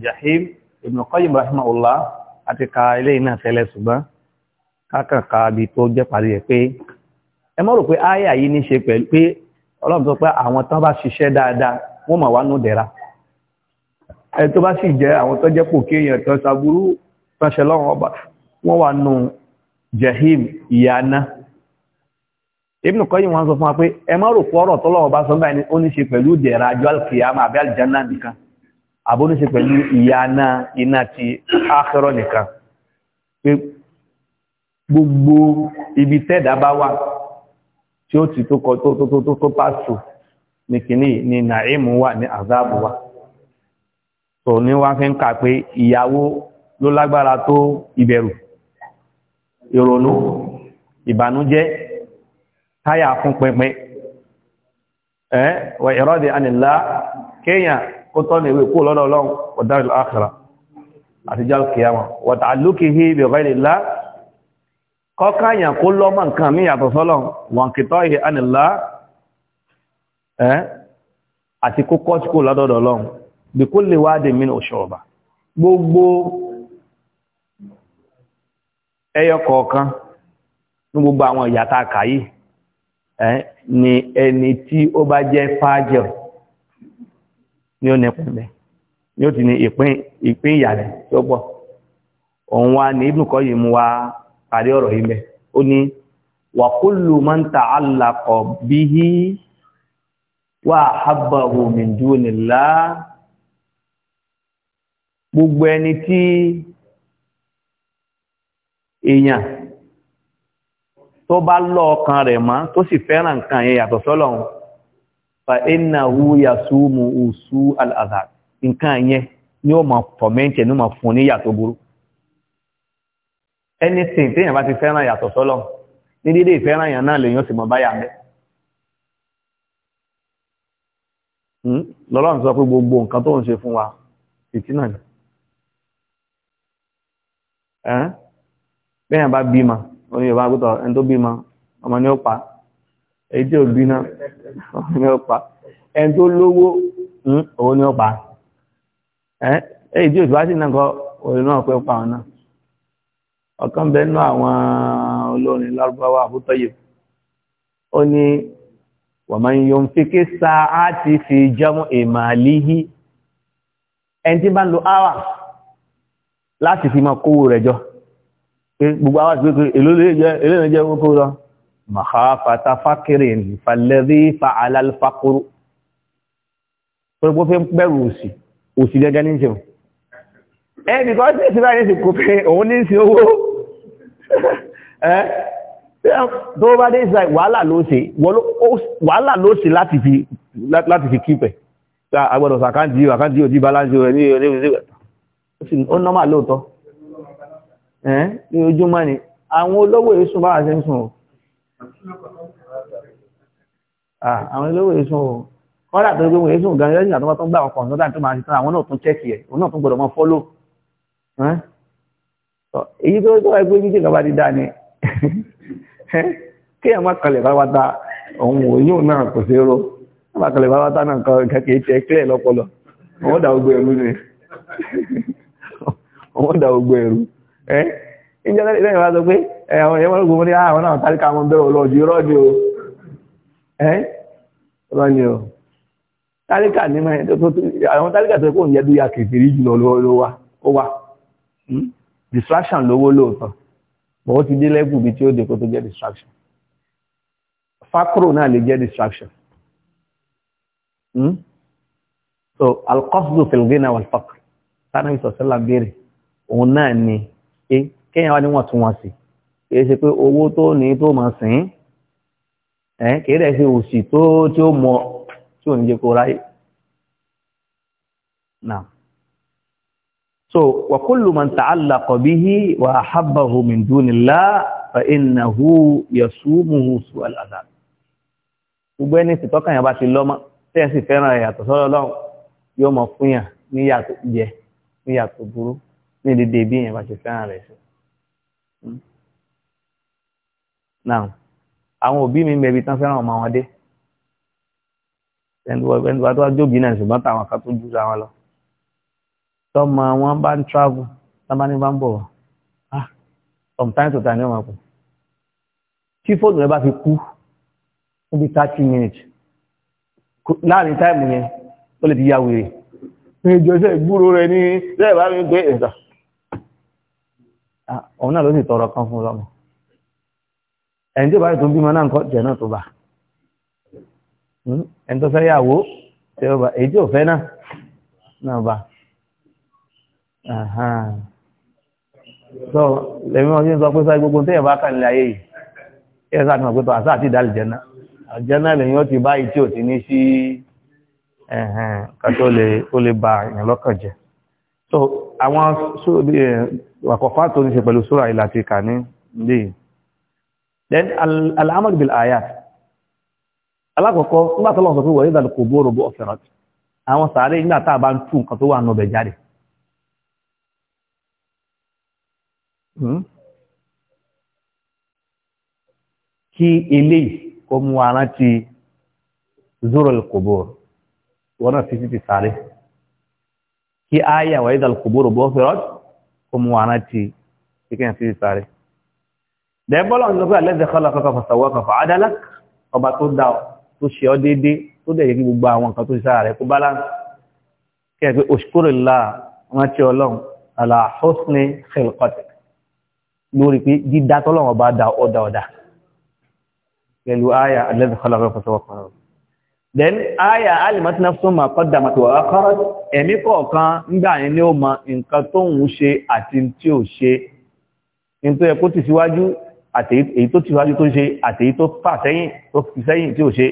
Jahim ibnu Qayyim rahimahullah àti ka ilé iná tẹ́lẹ̀ ṣùgbọ́n kákàkà bí tó jẹ́ parí ẹ̀ pé ẹ mọ́ rò pé áyà yìí ní ṣe pẹ̀lú pé ọlọ́run sọ pé àwọn tán bá ṣiṣẹ́ dáadáa wọ́n mà wá nù dẹ̀ra ẹ tó bá sì jẹ́ àwọn tó jẹ́ pòkè èèyàn tó ṣàbúrú ránṣẹ́ lọ́wọ́ ọba wọ́n wà nù jahim ìyáná ibnu Qayyim wọ́n sọ fún wa pé ẹ mọ́ rò pé ọ̀rọ̀ tọ́lọ́wọ́ bá sọ báyìí ó ní ṣe pẹ̀lú dẹ̀ra àjọ alkiyama àbí aljanna nìkan àbóníṣe pẹ̀lú ìyáná iná ti ákẹ́rọ̀ nìkan pé gbogbo ibi tẹ́ẹ̀dá bá wà tí ó ti tó kọ tó tó tó tó pàṣù ní kìíní ni nàímù wà ní àzáàbù wà tó ní wá fi ń kà pé ìyàwó ló lágbára tó ìbẹ̀rù ìrònú ìbànújẹ́ táyà fún pẹpẹ ẹ́ wà ìrọ́dẹ̀ anìlá kéèyàn kó tọ́nà ìwé kó lọ́dọ̀ ọlọ́run ọ̀dárí àkàrà àti jáàlù kìyàmà wọ̀tà lókè hí bí ọ̀gá ilẹ̀ lá kọ́kàyàn kó lọ́mọ nǹkan ní yàtọ̀ sọ́lọ̀ wọn kìtọ́ ìhẹ́ ànìlá ẹ́ àti kó kọ́síkò lọ́dọ̀dọ̀ ọlọ́run bí kó lè wáde mínú òṣòròbà gbogbo ẹyọ kọ̀ọ̀kan ní gbogbo ní ó nípa ẹ̀mẹ́ ní ó ti ní ìpín ìyàlẹ̀ tí ó gbọ́ òun wa ní ibùkọ́ yìí mú wa parí ọ̀rọ̀ yìí mẹ́ ó ní wa kullu man ta'allaqa bihi wa ahabbahu min dunillah gbogbo ẹni tí èèyàn tó bá lọ ọkàn rẹ̀ mọ́ tó sì fẹ́ràn nǹkan yẹn yàtọ̀ sọ́lọ́run fa innahu yasumu usu al-azab nǹkan yẹn ni ó máa torment ni ó máa fún ní yàtọ̀ burú anything téèyàn bá ti fẹ́ràn yàtọ̀ sọ́lọ̀ ní dédé ìfẹ́ràn yàn náà lèyàn sì mọ̀ báyà mẹ́ hmm? lọ́lọ́run sọ pé gbogbo nǹkan tó ń ṣe fún wa ìtínà ni bẹ́yàn bá bímọ oníyàn bá gbọ́tọ̀ ẹni tó bímọ ọmọ ni ó pa èyí tí ò bí náà ní ọpa ẹn tó lówó hm, òun ní ọpa èyí tí ò tí wá sí náà kọ òun náà pẹ́ pa ọ̀nà ọ̀kan bẹ́ẹ̀ nú àwọn olórin lárúbáwá àbútọ́yè ó ní wàmán yóò fi ké sa á fi jẹ́mú ìmàlíhí ẹni tí bá ń lo áwà láti fi máa kówó rẹ̀ jọ gbogbo áwà ti pé èlò lè jẹ́ èlò lè jẹ́ owó kó lọ makhafata fakirin falladhi fa'ala al-faqr gbogbo fi ń bẹ̀rù òsì òsì gẹ́gẹ́ ní ṣeun ẹni kọ́ sí ìsinmi àyẹ́sì kò fẹ́ òun ní sí owó tó bá dé ìsinmi wàhálà ló ṣe wàhálà ló ṣe láti fi kípẹ̀ agbọ́dọ̀ sàkáǹtì yóò àkáǹtì yóò di balance rẹ̀ ní ọdún ìsinmi ó nọ́mà lóòótọ́ ní ojúmọ́ ni àwọn olówó èsùn bá wà sí ń sùn àwọn olówó èsùn o kọ́dà tó gbé wọn èsùn gan lẹ́yìn àtọ́wọ́ tó ń gbà ọkọ̀ ọ̀nà tó máa ṣe tán àwọn náà tún chẹ́kì ẹ̀ òun náà tún gbọ́dọ̀ mọ́ fọ́lò èyí tó tó wáyé pé jíjẹ́ ìjọba ti dá ni kéèyàn má kalẹ̀ bá wá ta òun òyìn náà kò sí ró má kalẹ̀ bá náà kàkẹ́ tẹ́ kílẹ̀ lọ́pọlọ òun dà ẹ̀rú ni òun dà gbogbo ẹ̀rú ẹ́ ìjọba ìlẹ́yìn wá sọ àwọn èèyàn wọ́n gbogbo ní ah, àwọn náà tàríkà wọn bẹ̀rẹ̀ ọlọ́ọ̀dì rọ́ọ̀dì o ẹ́ rọ́ọ̀dì o tàríkà ní mẹ́rin tó tó àwọn tàríkà tó kò ń yẹ́dú ya kìkìrí jùlọ lówà ó wà hmm? distraction lówó lóòótọ́ bọ̀ ó ti dé lẹ́kù bí tí ó dé kó tó jẹ́ distraction fakro náà lè jẹ́ distraction hmm? so alkọ́sùdù fìlgínà wà fọ́k tánàbí sọ̀sẹ́lá béèrè òun náà ni kéèyàn wá níwọ̀ntúnwọ̀nsì kìí ṣe pé owó tó ní tó máa sìn ẹ́ kìí rẹ̀ ṣe òṣì tó tí ó mọ tí ò ní jẹ́ kó ráyè náà so wa kullu man ta'allaqa bihi wa ahabbahu min dunillah fa innahu yasumuhu su'al adab gbogbo ẹni tí tọ́kàn yẹn bá ti lọ́mọ tẹ́yẹ̀ sì fẹ́ràn ẹ̀yàtọ̀ sọ́rọ̀ lọ́wọ́ yóò mọ̀ fún yàn níyà tó jẹ níyà tó burú ní dédé bí yẹn bá ti fẹ́ràn rẹ̀ sí. Hmm náà àwọn òbí mi mẹbi tán fẹ́ràn ọmọ wọn dé ẹni tó wá jóbi náà ṣùgbọ́n táwọn kan tó jù sáwọn lọ tọmọ wọn bá ń travel tọ́mọ ní bá ń bọ̀ ah from time to time ní ọmọ kù tí fóònù rẹ bá fi kú níbi thirty minutes láàrin táìmù yẹn ó lè ti ya wèrè ìjọ iṣẹ́ ìgbúrò rẹ ní lẹ́ẹ̀bá mi pé ẹ̀dà òun náà ló sì tọrọ kan fún ọmọ ẹni tí ó bá rí tó bímọ náà nǹkan jẹ náà tó bá hmm? ẹni tó fẹ́ yàwó tí ó bá èyí tí ò fẹ́ náà náà bá so lèmi wọn sí sọ pé sáré gbogbo tẹ́yẹ̀ bá kàn lé ayé yìí kí ẹ sáà ti mọ̀ pé tó àṣà àti ìdálẹ̀ jẹ náà àjẹ náà lèyìn ó ti báyìí tí ò ti ní sí kátó ó lè ba èèyàn lọ́kàn jẹ so àwọn wàkọ̀fà tó ní ṣe pẹ̀lú sóra ìlà ti kà ní ilé yìí then al'amal bil ayat alákọ̀ọ́kọ́ nígbàtọ́lọ́ sọ pé wọ̀nyí ìdàlù kò bóòrò bó ọ̀fẹ́ràn àwọn sàárè nígbà tá a bá ń tú nǹkan tó wà nù ọbẹ̀ jáde hmm? kí eléyìí kó mú ara ti zoro kò bóòrò fi ti sàárè kí aya wọ̀nyí ìdàlù kò bóòrò bó ọ̀fẹ́ràn kó ara ti kíkẹ́ sí ti dẹ́bọ́lọ̀ ń lọ pé alẹ́dẹ̀ kọ́lọ̀ kọ́kọ́ fọ̀sọ̀wọ́ kan fọ̀ adálák ọba tó dá ọ tó ṣe ọ déédéé tó dẹ̀ yẹ kí gbogbo àwọn nǹkan tó ṣe sára rẹ̀ kó balance kí ẹ pé òṣìkúrìlá wọn ti ọlọ́run àlà hosni khilqatik lórí pé dídá tọ́lọ́run ọba dá ọ̀dà ọ̀dà pẹ̀lú àyà alẹ́dẹ̀ kọ́lọ̀ kọ́kọ́ fọ̀sọ̀wọ́ then àyà alimat nafsun ma qaddamat wa akharat ẹ̀mí kọ̀ọ̀kan ńgbà yẹn ni ó mọ nǹkan tóun ṣe àti tí ò ṣe nítorí ẹ kó àtèyí tó tíwájú tó ṣe àtèyí tó fà sẹ́yìn tó fi sẹ́yìn tí ó ṣe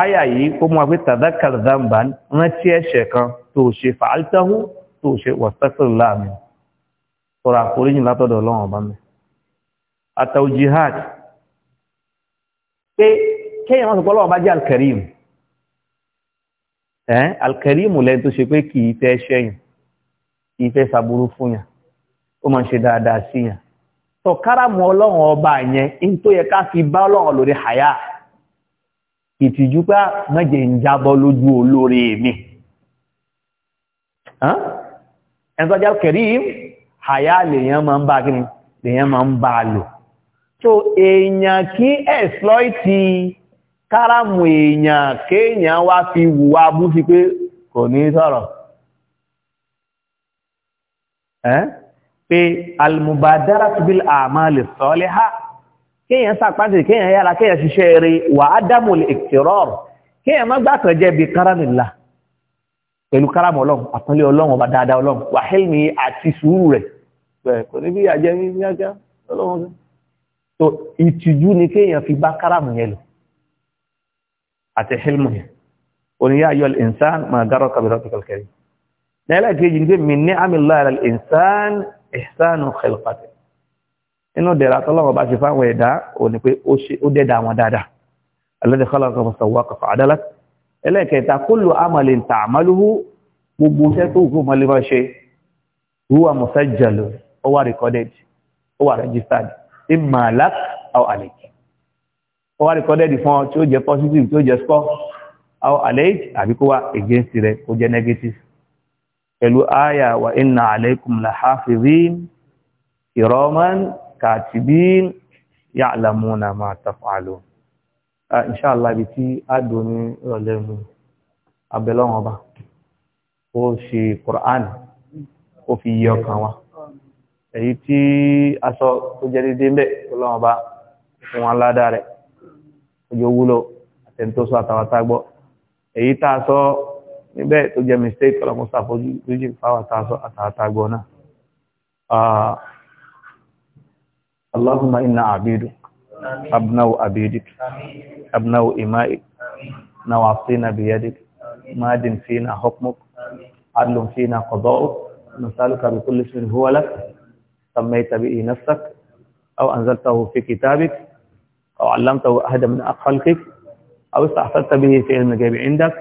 áyà yìí kó mú apé tàdákàrà dámbà rántí ẹ̀ṣẹ̀ kan tó ṣe fàáltáhù tó ṣe wọ̀sẹ́fẹ̀rẹ̀ láàmì tọrọ àforíjìn látọ̀dọ̀ ọlọ́run ọba mi àtàwù jihad pé kéèyàn wọn sọ pé ọlọ́run bá jẹ́ alkarim ẹ́ alkarim lẹ́yìn tó ṣe pé kì í fẹ́ ṣẹ́yìn kì í fẹ́ ṣàbúrú fún yàn ó máa ń ṣe dáadáa sí yàn tọ̀ káràmù ọlọ́run ọba yẹn in tó yẹ ká fi bá ọlọ́run lórí àyà ìtìjú pé mẹ́jẹ̀ ń jábọ́ lójú olóore mi ẹ̀ńtọ́jà kẹrìm àyà lèyàn máa ń bá kí ni lèyàn máa ń bá lò so èèyàn kí káràmù èèyàn kéèyàn wá fi wùwá bú sí pé pé almubadara tubil amali saliha kéèyàn sàpáṣẹ kéèyàn yára kéèyàn ṣiṣẹ́ eré wà ádámù ìkìrọ̀r kéèyàn má gbàtàn jẹ́ bí kárámìlá pẹ̀lú kárámù ọlọ́run àpọ́nlé ọlọ́run ọba dáadáa ọlọ́run wà hẹ́lmi àti sùúrù rẹ̀ bẹ́ẹ̀ kò ní bí àjẹ́ ní kíákíá ọlọ́run kan so ìtìjú ni kéèyàn fi bá kárámù yẹn lò àti hẹ́lmù yẹn oníyá ayọ́ ihsanu khalqati inú dẹ̀ra tọ́lọ́wọ́ bá ṣe fáwọn ẹ̀dá ò ní pé ó dẹ̀dà wọn dáadáa alladhi khalaqa fa sawwaka fa adalak ẹlẹ́ẹ̀kẹta kullu amalin ta'maluhu gbogbo iṣẹ́ tó kú mọ́lẹ́mọ́ ṣe huwa musajjalu ó wà recorded ó wà registered imma lak aw alik ó wà recorded fún ọ pẹ̀lú àyà wa inna alaykum lahafizin kiraman katibin ya'lamuna ma taf'alun inṣáàlá ibi tí a dùn ní ìrọ̀lẹ́nu abẹ́lọ́wọ̀n ọba ó ṣe Qur'an ó fi yí ọkàn wa èyí tí aṣọ tó jẹ́ dédé ń bẹ̀ ọlọ́wọ̀n ọba fún aládàá rẹ̀ ojú wúlò àtẹ̀ntóso àtàwátá èyí tá a sọ níbẹ̀ tó jẹ́ mistake ọlọ́mọ sàfọ́jú lójú fáwọn àtàṣọ àtàtàgbọ́ náà Allahumma inna abidu abnau abidik abnau ima'ik nawasina biyadik madin fina hukmuk adlun fina qada'uk نسألك بكل اسم هو لك سميت به نفسك أو أنزلته في كتابك أو علمته أحد من خلقك أو استحصلت به في علم الغيب عندك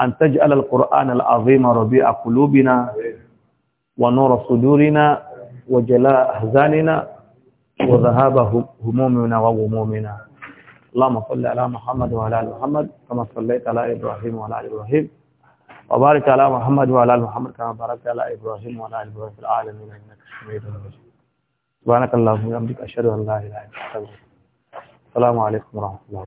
أن تجعل القرآن العظيم ربيع قلوبنا ونور صدورنا وجلاء أحزاننا وذهاب همومنا وغمومنا اللهم صل على محمد وعلى آل محمد كما صليت على إبراهيم وعلى آل إبراهيم وبارك على محمد وعلى آل محمد كما باركت على إبراهيم وعلى آل إبراهيم في العالمين إنك حميد مجيد سبحانك اللهم وبحمدك أشهد أن لا إله إلا أنت السلام عليكم ورحمة الله